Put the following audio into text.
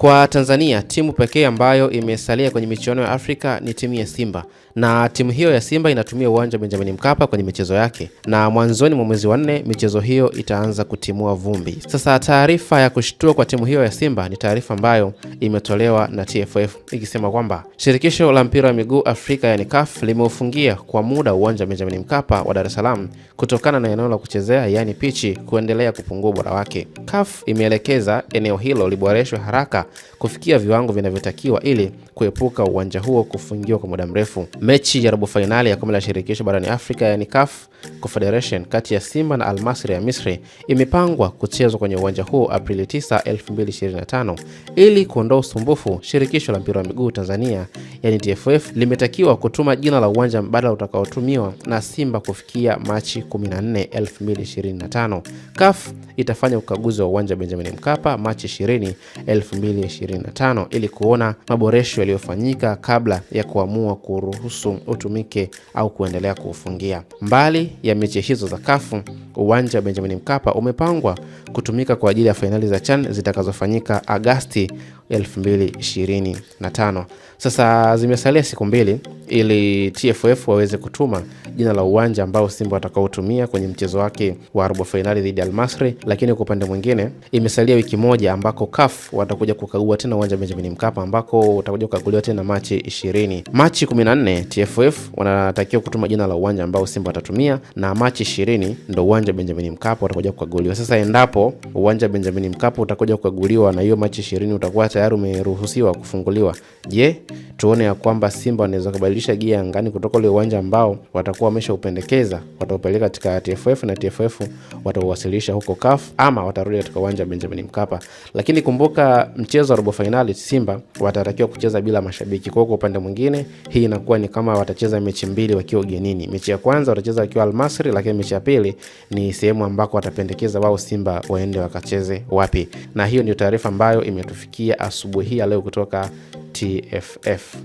Kwa Tanzania, timu pekee ambayo imesalia kwenye michuano ya Afrika ni timu ya Simba, na timu hiyo ya Simba inatumia uwanja wa Benjamin Mkapa kwenye michezo yake, na mwanzoni mwa mwezi wa nne michezo hiyo itaanza kutimua vumbi. Sasa taarifa ya kushtua kwa timu hiyo ya Simba ni taarifa ambayo imetolewa na TFF ikisema kwamba shirikisho la mpira wa miguu Afrika yani CAF limeufungia kwa muda uwanja wa Benjamin Mkapa wa Dar es Salaam kutokana na eneo la kuchezea yani pichi kuendelea kupungua ubora wake. CAF imeelekeza eneo hilo liboreshwe haraka kufikia viwango vinavyotakiwa ili kuepuka uwanja huo kufungiwa kwa muda mrefu. Mechi ya robo fainali ya kombe la shirikisho barani Afrika yani CAF Confederation kati ya Simba na almasri ya Misri imepangwa kuchezwa kwenye uwanja huo Aprili 9, 2025 ili kuondoa usumbufu. Shirikisho la mpira wa miguu Tanzania yani TFF limetakiwa kutuma jina la uwanja mbadala utakaotumiwa na Simba kufikia Machi 14, 2025. CAF itafanya ukaguzi wa uwanja wa Benjamin Mkapa Machi 20, 2025 ili kuona maboresho yaliyofanyika kabla ya kuamua kuruhusu utumike au kuendelea kuufungia. Mbali ya mechi hizo za kafu, uwanja wa Benjamin Mkapa umepangwa kutumika kwa ajili ya fainali za CHAN zitakazofanyika Agasti 2025. Sasa zimesalia siku mbili ili TFF waweze kutuma jina la uwanja ambao Simba watakaotumia kwenye mchezo wake wa robo fainali dhidi ya Almasri, lakini kwa upande mwingine imesalia wiki moja ambako CAF watakuja kukagua tena uwanja wa Benjamin Mkapa ambako utakuja kukaguliwa tena Machi 20. Machi 14 TFF wanatakiwa kutuma jina la uwanja ambao Simba watatumia na Machi 20 ndo uwanja wa Benjamin Mkapa utakuja kukaguliwa. Sasa endapo uwanja wa Benjamin Mkapa utakuja kukaguliwa na hiyo Machi 20 utakuwa tayari umeruhusiwa kufunguliwa. Je, tuone ya kwamba Simba wanaweza kubadilisha gia angani kutoka ule uwanja ambao watakuwa wameshaupendekeza, wataupeleka katika TFF na TFF watauwasilisha huko CAF ama watarudi katika uwanja wa Benjamin Mkapa. Lakini kumbuka mchezo wa robo fainali Simba watatakiwa kucheza bila mashabiki. Kwa upande mwingine, hii inakuwa ni kama watacheza mechi mbili wakiwa ugenini. Mechi ya kwanza watacheza wakiwa Almasri, lakini mechi ya pili ni sehemu ambako watapendekeza wao Simba waende wakacheze wapi. Na hiyo ndio taarifa ambayo imetufikia asubuhi ya leo kutoka TFF.